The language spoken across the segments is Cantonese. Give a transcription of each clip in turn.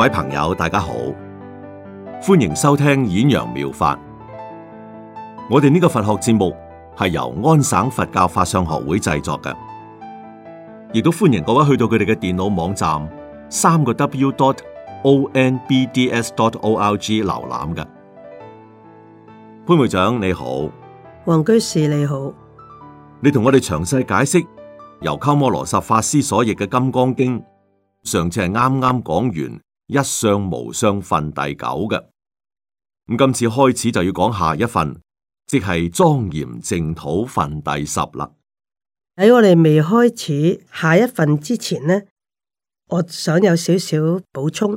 各位朋友，大家好，歡迎收聽演揚妙，妙法。我哋呢個佛學節目係由安省佛教法相學會製作嘅，亦都歡迎各位去到佢哋嘅電腦網站三個 W 點 O N B D S 點 O R G 瀏覽嘅。潘會長你好，黃居士你好，你同我哋詳細解釋由鳩摩羅什法師所譯嘅《金剛經》，上次係啱啱講完，一相無相，糞第九嘅。咁今次開始就要講下一份，即係莊嚴淨土分第十啦。喺我哋未開始下一份之前呢，我想有少少補充，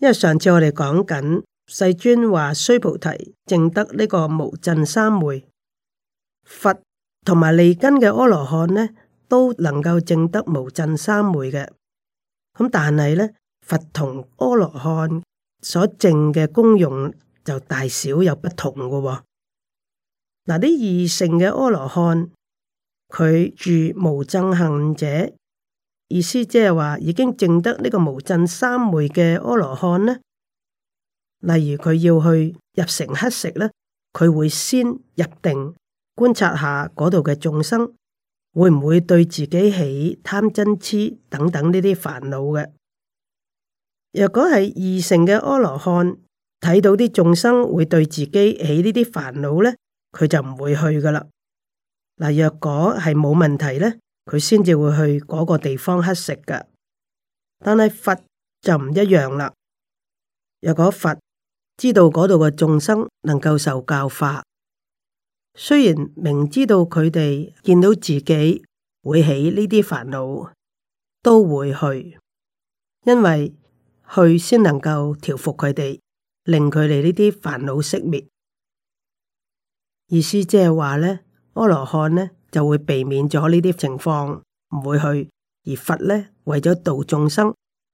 因為上次我哋講緊世尊話須菩提證得呢個無盡三昧，佛同埋利根嘅阿羅漢呢都能夠證得無盡三昧嘅。咁但係呢？佛同阿羅漢所證嘅功用就大小有不同嘅喎、哦。嗱，啲二乘嘅阿羅漢，佢住無諍行者，意思即係話已經證得呢個無諍三昧嘅阿羅漢呢。例如佢要去入城乞食呢，佢會先入定觀察下嗰度嘅眾生會唔會對自己起貪嗔痴等等呢啲煩惱嘅。若果係二乘嘅阿羅漢睇到啲眾生會對自己起呢啲煩惱呢，佢就唔會去噶啦。嗱，若果係冇問題呢，佢先至會去嗰個地方乞食噶。但係佛就唔一樣啦。若果佛知道嗰度嘅眾生能夠受教化，雖然明知道佢哋見到自己會起呢啲煩惱，都會去，因為。去先能夠調伏佢哋，令佢哋呢啲煩惱熄滅。意思即係話呢，阿羅漢呢就會避免咗呢啲情況唔會去，而佛呢為咗度眾生，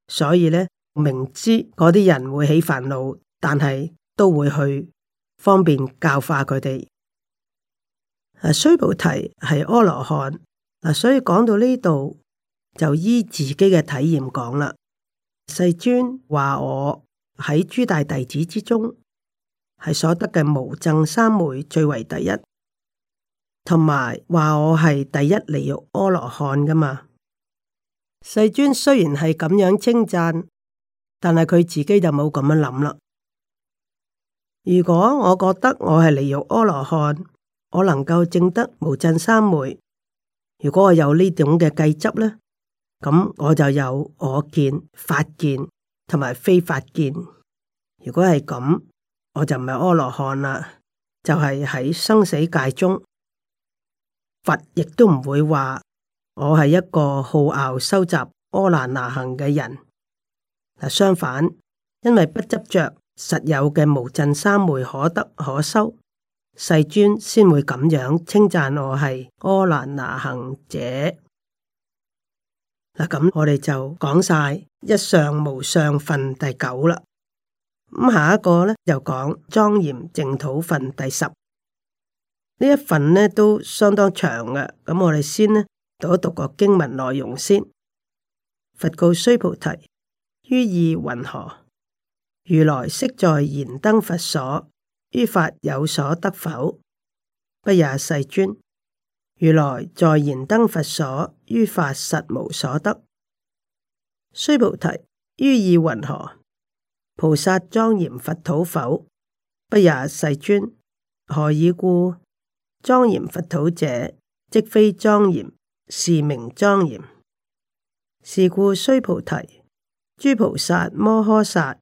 所以呢，明知嗰啲人會起煩惱，但係都會去方便教化佢哋。啊，須菩提係阿羅漢嗱，所以講到呢度就依自己嘅體驗講啦。世尊話我喺諸大弟子之中係所得嘅無諍三昧最為第一，同埋話我係第一離欲阿羅漢噶嘛。世尊雖然係咁樣稱讚，但係佢自己就冇咁樣諗啦。如果我覺得我係離欲阿羅漢，我能夠證得無諍三昧，如果我有呢種嘅計執呢？咁我就有我見、法見同埋非法見。如果係咁，我就唔係阿羅漢啦，就係、是、喺生死界中。佛亦都唔會話我係一個好傲收集阿蘭那行嘅人。嗱，相反，因為不執着實有嘅無諍三昧可得可收，世尊先會咁樣稱讚我係阿蘭那行者。咁我哋就講晒一相無相分第九啦，咁下一個咧就講莊嚴淨土分第十，呢一分咧都相當長嘅，咁我哋先咧讀一讀個經文內容先。佛告須菩提：於意云何？如來昔在燃燈佛所，於法有所得否？不也，世尊。如來在燃燈佛所，於法實無所得。須菩提，於意云何？菩薩莊嚴佛土否？不也，世尊。何以故？莊嚴佛土者，即非莊嚴，是名莊嚴。是故須菩提，諸菩薩摩訶薩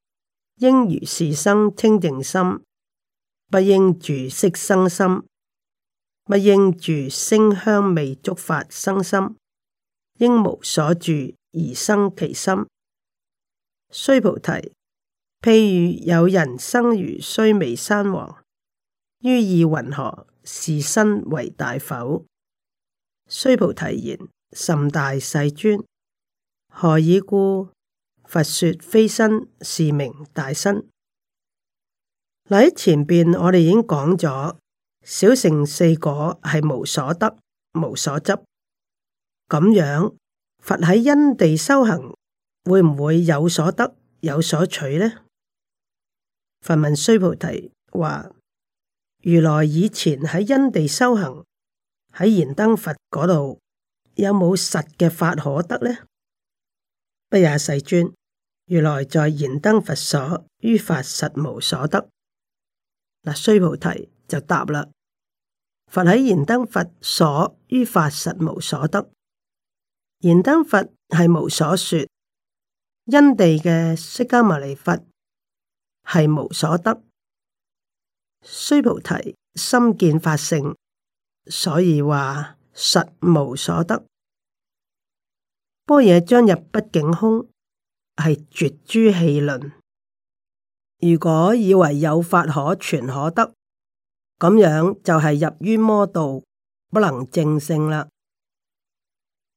應如是生清淨心，不應住色生心。勿應住聲香味觸法生心，應無所住而生其心。須菩提，譬如有人生如須彌山王，於意云何？是身為大否？須菩提言：甚大，世尊。何以故？佛說非身，是名大身。喺前邊我哋已經講咗。小乘四果係無所得、無所執，咁樣佛喺因地修行會唔會有所得、有所取呢？佛問須菩提：話，如來以前喺因地修行，喺燃燈佛嗰度有冇實嘅法可得呢？不也世尊，如來在燃燈佛所，於法實無所得。嗱須菩提。就答啦。佛喺燃燈佛所於法實無所得，燃燈佛係無所說，因地嘅釋迦牟尼佛係無所得，須菩提心見法性，所以話實無所得。般若將入畢竟空，係絕諸戲論。如果以為有法可傳可得。咁樣就係入於魔道，不能正性啦。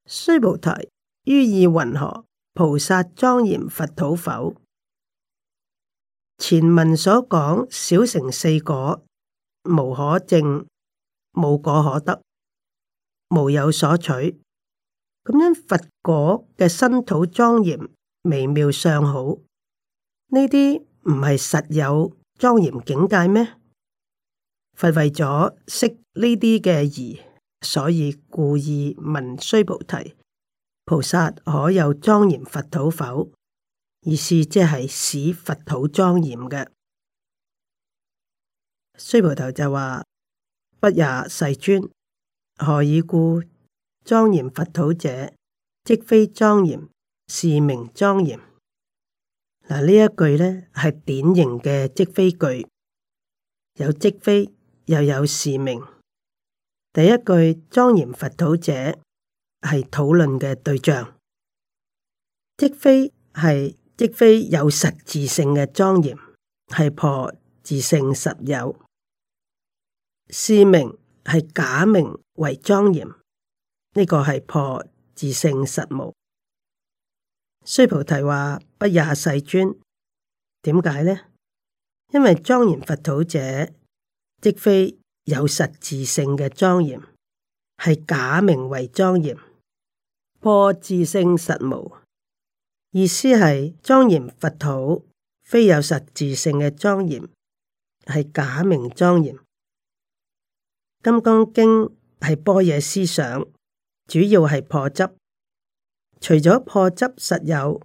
須菩提，於意云何？菩薩莊嚴佛土否？前文所講小乘四果，無可證，無果可得，無有所取。咁樣佛果嘅身土莊嚴微妙相好，呢啲唔係實有莊嚴境界咩？佛為咗識呢啲嘅疑，所以故意問須菩提：菩薩可有莊嚴佛土否？意思即係使佛土莊嚴嘅須菩提就話：不也世尊，何以故？莊嚴佛土者，即非莊嚴，是名莊嚴。嗱，呢一句呢係典型嘅即非句，有即非。又有示名，第一句莊嚴佛土者係討論嘅對象，即非係即非有實自性嘅莊嚴，係破自性實有。示名係假名為莊嚴，呢個係破自性實無。須菩提話不也世尊，點解呢？因為莊嚴佛土者。即非有實自性嘅莊嚴，係假名為莊嚴，破自性實無。意思係莊嚴佛土，非有實自性嘅莊嚴，係假名莊嚴。金剛經係般若思想，主要係破執。除咗破執實有，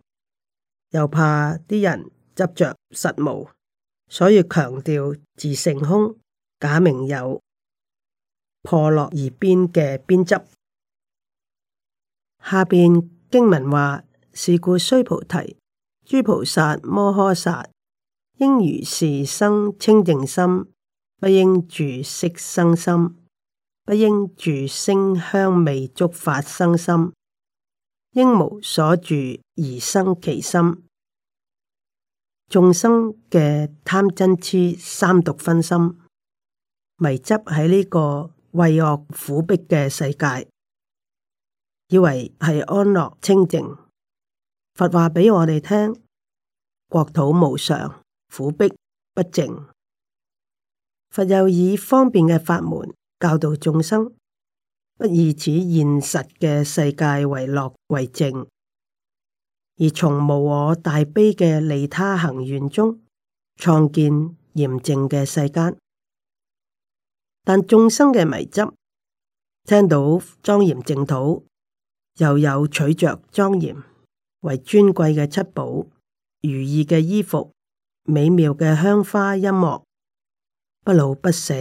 又怕啲人執着實無，所以強調自性空。假名有破落而邊嘅邊執。下面經文話：是故須菩提，諸菩薩摩訶薩，應如是生清淨心，不應住色生心，不應住聲香味觸法生心，應無所住而生其心。眾生嘅貪嗔痴三毒分心。迷執喺呢個畏惡苦逼嘅世界，以為係安樂清淨。佛話畀我哋聽：國土無常，苦逼不淨。佛又以方便嘅法門教導眾生，不以此現實嘅世界為樂為淨，而從無我大悲嘅利他行願中創建嚴淨嘅世界。但眾生嘅迷執，聽到莊嚴淨土，又有取着莊嚴為尊貴嘅七寶、如意嘅衣服、美妙嘅香花音樂，不老不死、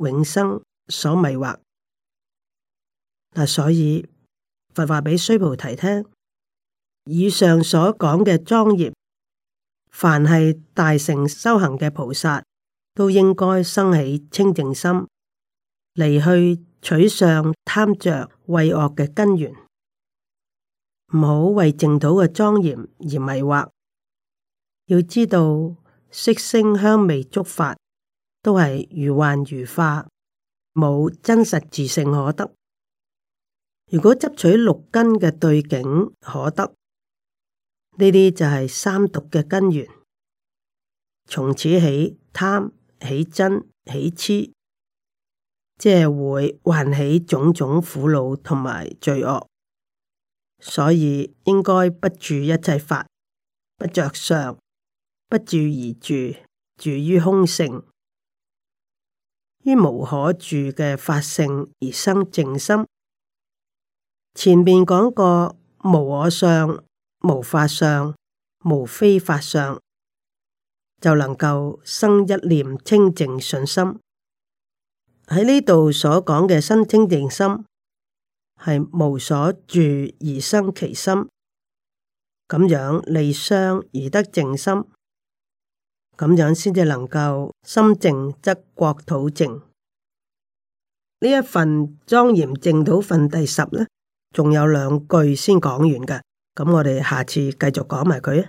永生所迷惑。嗱，所以佛話畀須菩提聽，以上所講嘅莊嚴，凡係大乘修行嘅菩薩，都應該生起清淨心。離去取相貪着畏惡嘅根源，唔好為淨土嘅莊嚴而迷惑。要知道色聲香味觸法都係如幻如化，冇真實自性可得。如果執取六根嘅對境可得，呢啲就係三毒嘅根源。從此起貪起嗔起痴。即係會喚起種種苦惱同埋罪惡，所以應該不住一切法，不着相，不住而住，住於空性，於無可住嘅法性而生淨心。前面講過，無我相、無法相、無非法相，就能夠生一念清淨信心。喺呢度所講嘅身清淨心，係無所住而生其心，咁樣離相而得淨心，咁樣先至能夠心淨則國土淨。呢一份莊嚴淨土分第十呢，仲有兩句先講完嘅，咁我哋下次繼續講埋佢。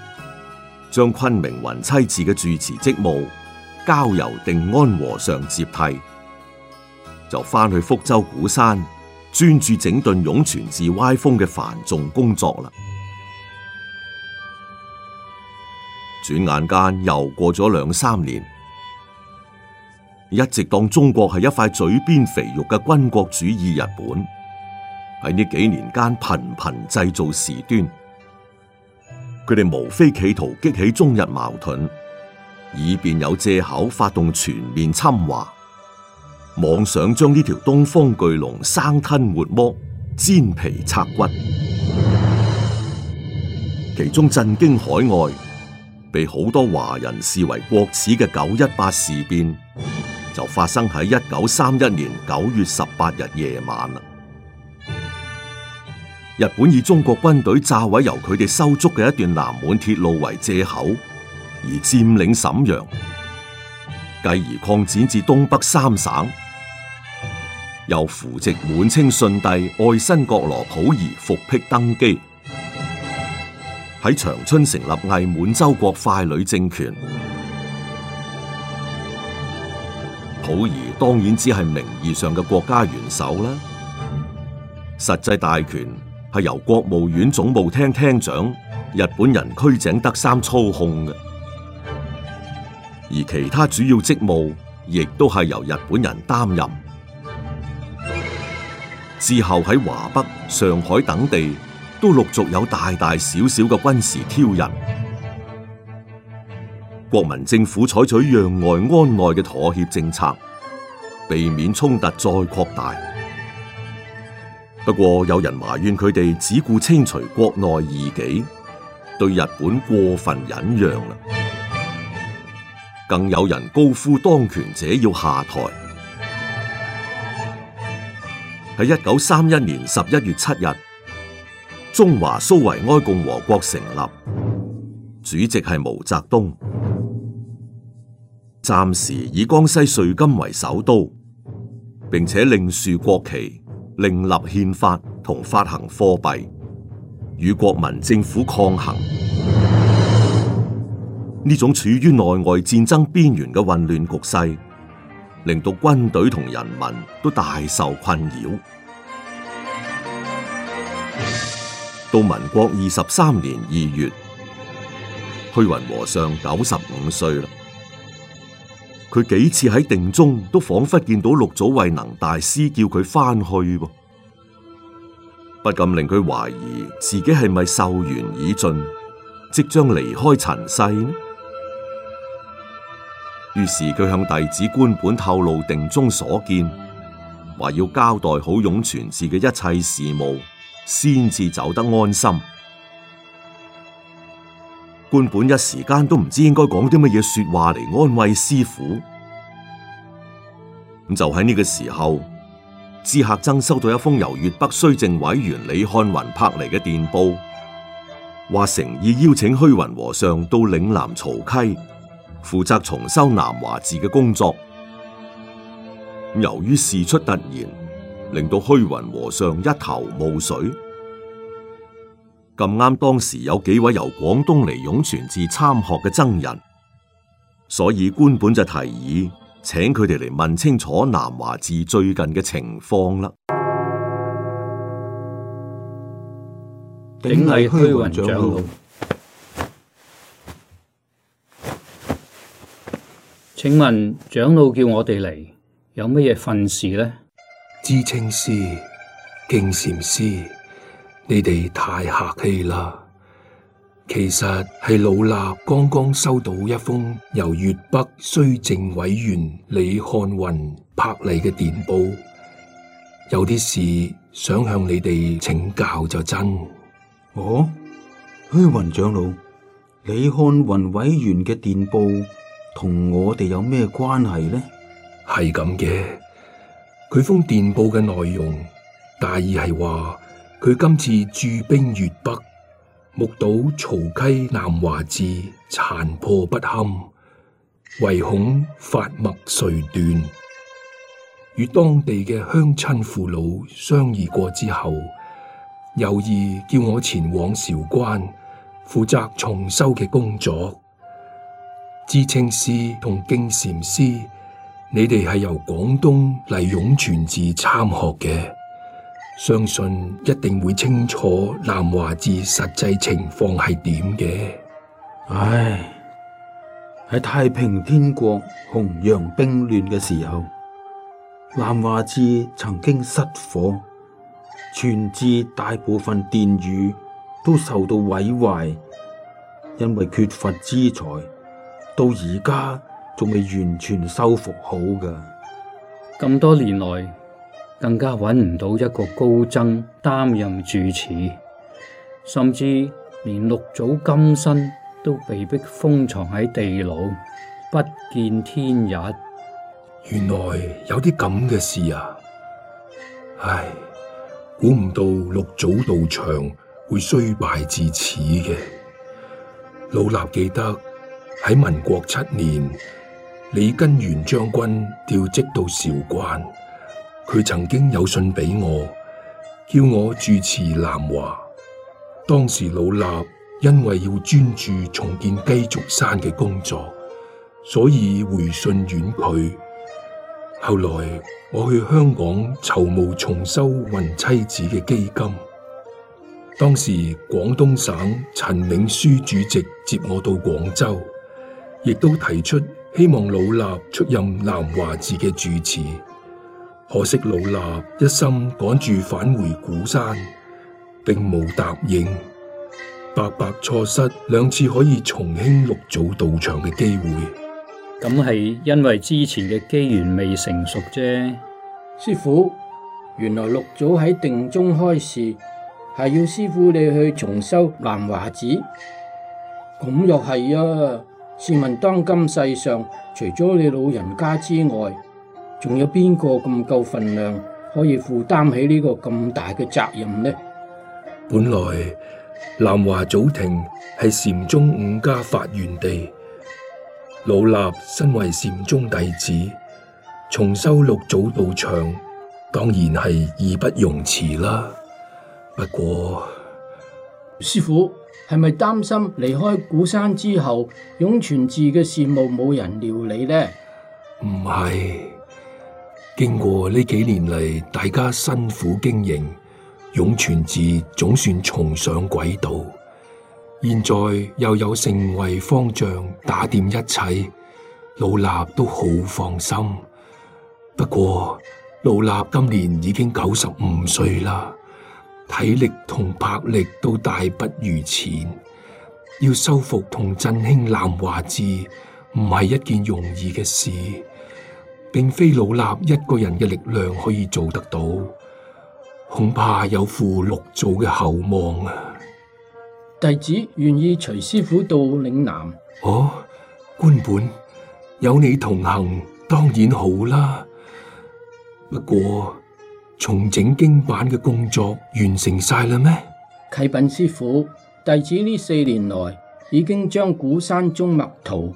將昆明雲棲寺嘅住持職務交由定安和尚接替，就翻去福州鼓山專注整頓湧泉寺歪風嘅繁重工作啦。轉眼間又過咗兩三年，一直當中國係一塊嘴邊肥肉嘅軍國主義日本，喺呢幾年間頻頻製造事端。佢哋無非企圖激起中日矛盾，以便有借口發動全面侵華，妄想將呢條東方巨龍生吞活剝、煎皮拆骨。其中震驚海外、被好多華人視為國恥嘅九一八事變，就發生喺一九三一年九月十八日夜晚。日本以中國軍隊炸毀由佢哋修築嘅一段南滿鐵路為借口，而占領沈陽，繼而擴展至東北三省，又扶植滿清遜帝愛新覺羅溥儀復辟登基，喺長春成立偽滿洲國傀儡政權。溥儀當然只係名義上嘅國家元首啦，實際大權。係由國務院總務廳廳長日本人區井德三操控嘅，而其他主要職務亦都係由日本人擔任。之後喺華北、上海等地都陸續有大大小小嘅軍事挑釁，國民政府採取讓外安內嘅妥協政策，避免衝突再擴大。不過有人埋怨佢哋只顧清除國內異己，對日本過分忍讓，更有人高呼當權者要下台。喺一九三一年十一月七日，中華蘇維埃共和國成立，主席係毛澤東，暫時以江西瑞金為首都，並且另樹國旗。另立憲法同發行貨幣，與國民政府抗衡。呢種處於內外戰爭邊緣嘅混亂局勢，令到軍隊同人民都大受困擾。到民國二十三年二月，虛雲和尚九十五歲啦。佢幾次喺定中都仿佛見到六祖慧能大師叫佢翻去，不禁令佢懷疑自己係咪壽緣已盡，即將離開塵世呢？於是佢向弟子官本透露定中所見，話要交代好湧泉寺嘅一切事務，先至走得安心。觀本一時間都唔知應該講啲乜嘢說話嚟安慰師父。咁就喺呢個時候，知客僧收到一封由粵北虛政委員李漢雲拍嚟嘅電報，話誠意邀請虛雲和尚到嶺南曹溪負責重修南華寺嘅工作。由於事出突然，令到虛雲和尚一頭霧水。咁啱當時有幾位由廣東嚟湧泉寺參學嘅僧人，所以官本就提議請佢哋嚟問清楚南華寺最近嘅情況啦。頂禮虛雲長老，請問長老叫我哋嚟有乜嘢訓示呢？知青師敬禪師。你哋太客氣啦！其實係老衲剛剛收到一封由粵北綏靖委員李漢雲拍嚟嘅電報，有啲事想向你哋請教就真。哦。虛、哎、雲長老，李漢雲委員嘅電報同我哋有咩關係呢？係咁嘅，佢封電報嘅內容大意係話。佢今次駐兵粵北，目睹曹溪南華寺殘破不堪，唯恐法脈垂斷，與當地嘅鄉親父老商議過之後，有意叫我前往韶關負責重修嘅工作。知青師同敬禪師，你哋係由廣東嚟湧泉寺參學嘅。相信一定會清楚南華寺實際情況係點嘅。唉，喺太平天國洪楊兵亂嘅時候，南華寺曾經失火，全寺大部分殿宇都受到毀壞，因為缺乏資材，到而家仲未完全修復好㗎。咁多年來，更加揾唔到一個高僧擔任住持，甚至連六祖金身都被迫封藏喺地牢，不見天日。原來有啲咁嘅事啊！唉，估唔到六祖道場會衰敗至此嘅。老衲記得喺民國七年，李根源將軍調職到韶關。佢曾經有信俾我，叫我住持南華。當時老衲因為要專注重建雞足山嘅工作，所以回信婉拒。後來我去香港籌募重修雲棲寺嘅基金，當時廣東省陳銘樞主席接我到廣州，亦都提出希望老衲出任南華寺嘅住持。可惜老衲一心趕住返回古山，並冇答應，白白錯失兩次可以重興六祖道場嘅機會。咁係因為之前嘅機緣未成熟啫。師傅，原來六祖喺定中開示，係要師傅你去重修南華寺。咁又係啊？試問當今世上，除咗你老人家之外，仲有邊個咁夠份量可以負擔起呢個咁大嘅責任呢？本來南華祖庭係禪宗五家發源地，老衲身為禪宗弟子，重修六祖道場，當然係義不容辭啦。不過，師父係咪擔心離開古山之後，湧泉寺嘅事務冇人料理呢？唔係。經過呢幾年嚟，大家辛苦經營，湧泉寺總算重上軌道。現在又有成為方丈，打點一切，老衲都好放心。不過，老衲今年已經九十五歲啦，體力同魄力都大不如前，要修復同振興南華寺，唔係一件容易嘅事。並非老衲一個人嘅力量可以做得到，恐怕有負六祖嘅厚望啊！弟子願意隨師傅到嶺南。哦，官本有你同行，當然好啦。不過重整經版嘅工作完成晒啦咩？啟稟師傅，弟子呢四年來已經將古山中墨圖。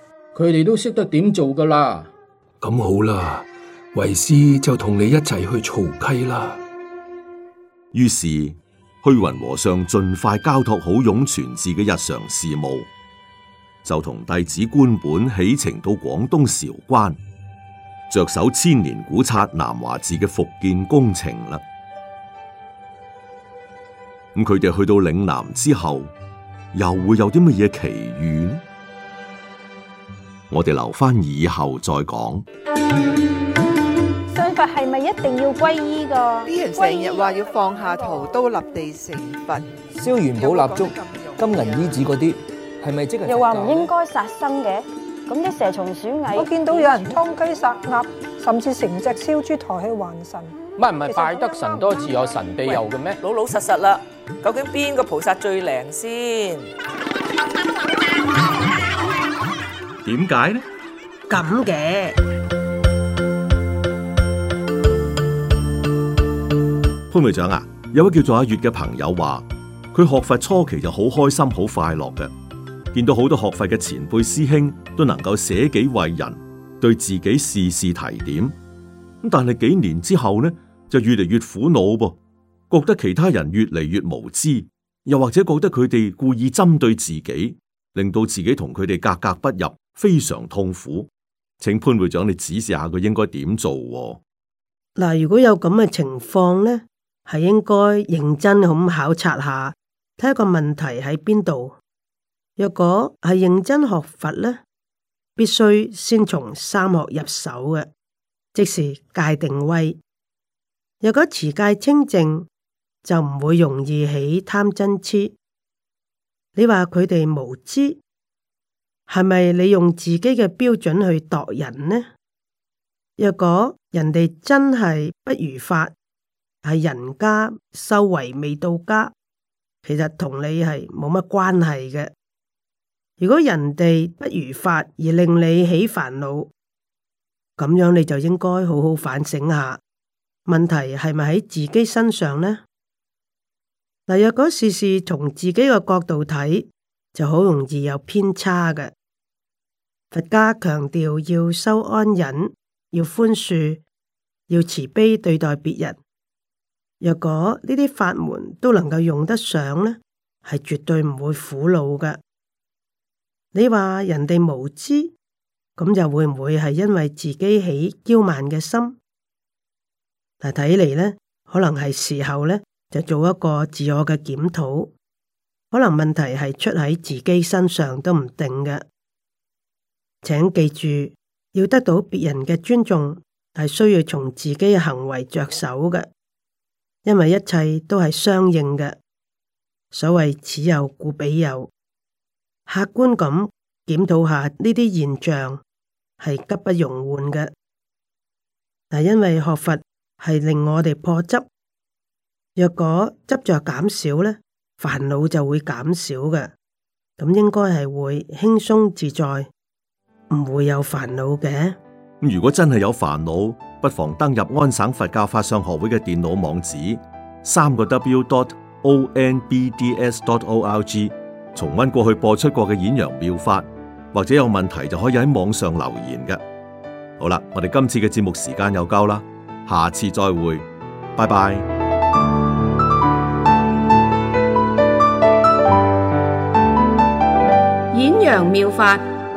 佢哋都識得點做噶啦，咁好啦，為師就同你一齊去曹溪啦。於是虛雲和尚盡快交託好湧泉寺嘅日常事務，就同弟子觀本起程到廣東韶關，着手千年古剎南華寺嘅復建工程啦。咁佢哋去到嶺南之後，又會有啲乜嘢奇遇？我哋留翻以後再講。信佛係咪一定要皈依噶？啲人成日話要放下屠刀立地成佛，燒元寶蠟燭、金銀衣紙嗰啲，係咪即係？又話唔應該殺生嘅，咁啲蛇蟲鼠蟻，我見到有人殺雞殺鴨，甚至成隻燒豬抬去還神。唔係唔係，拜得神多自有神庇佑嘅咩？老老實實啦，究竟邊個菩薩最靚先？點解呢？咁嘅潘會長啊，有位叫做阿月嘅朋友話，佢學佛初期就好開心、好快樂嘅，見到好多學佛嘅前輩師兄都能夠捨己為人，對自己事事提點。但係幾年之後呢，就越嚟越苦惱噃，覺得其他人越嚟越無知，又或者覺得佢哋故意針對自己，令到自己同佢哋格格不入。非常痛苦，請潘會長你指示下佢應該點做嗱。哦？如果有咁嘅情況呢，係應該認真咁考察一下，睇個問題喺邊度。若果係認真學佛呢，必須先從三學入手嘅，即是戒定慧。若果持戒清淨，就唔會容易起貪嗔癡。你話佢哋無知。係咪你用自己嘅標準去度人呢？若果人哋真係不如法，係人家修為未到家，其實同你係冇乜關係嘅。如果人哋不如法而令你起煩惱，咁樣你就應該好好反省下，問題係咪喺自己身上呢？嗱，若果事事從自己嘅角度睇，就好容易有偏差嘅。佛家強調要修安忍，要寬恕，要慈悲對待別人。若果呢啲法門都能夠用得上呢，係絕對唔會苦惱嘅。你話人哋無知，咁就會唔會係因為自己起驕慢嘅心？但睇嚟呢，可能係時候呢，就做一個自我嘅檢討。可能問題係出喺自己身上都唔定嘅。請記住，要得到別人嘅尊重，係需要從自己嘅行為着手嘅。因為一切都係相應嘅，所謂此有故彼有。客觀咁檢討下呢啲現象，係急不容緩嘅。但因為學佛係令我哋破執，若果執着減少呢，煩惱就會減少嘅。咁應該係會輕鬆自在。唔會有煩惱嘅。如果真係有煩惱，不妨登入安省佛教法相學會嘅電腦網址，三個 W dot O N B D S dot O R G，重温過去播出過嘅演揚妙法，或者有問題就可以喺網上留言嘅。好啦，我哋今次嘅節目時間又夠啦，下次再會，拜拜。演揚妙法。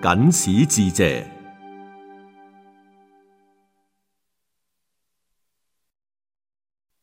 僅此致謝。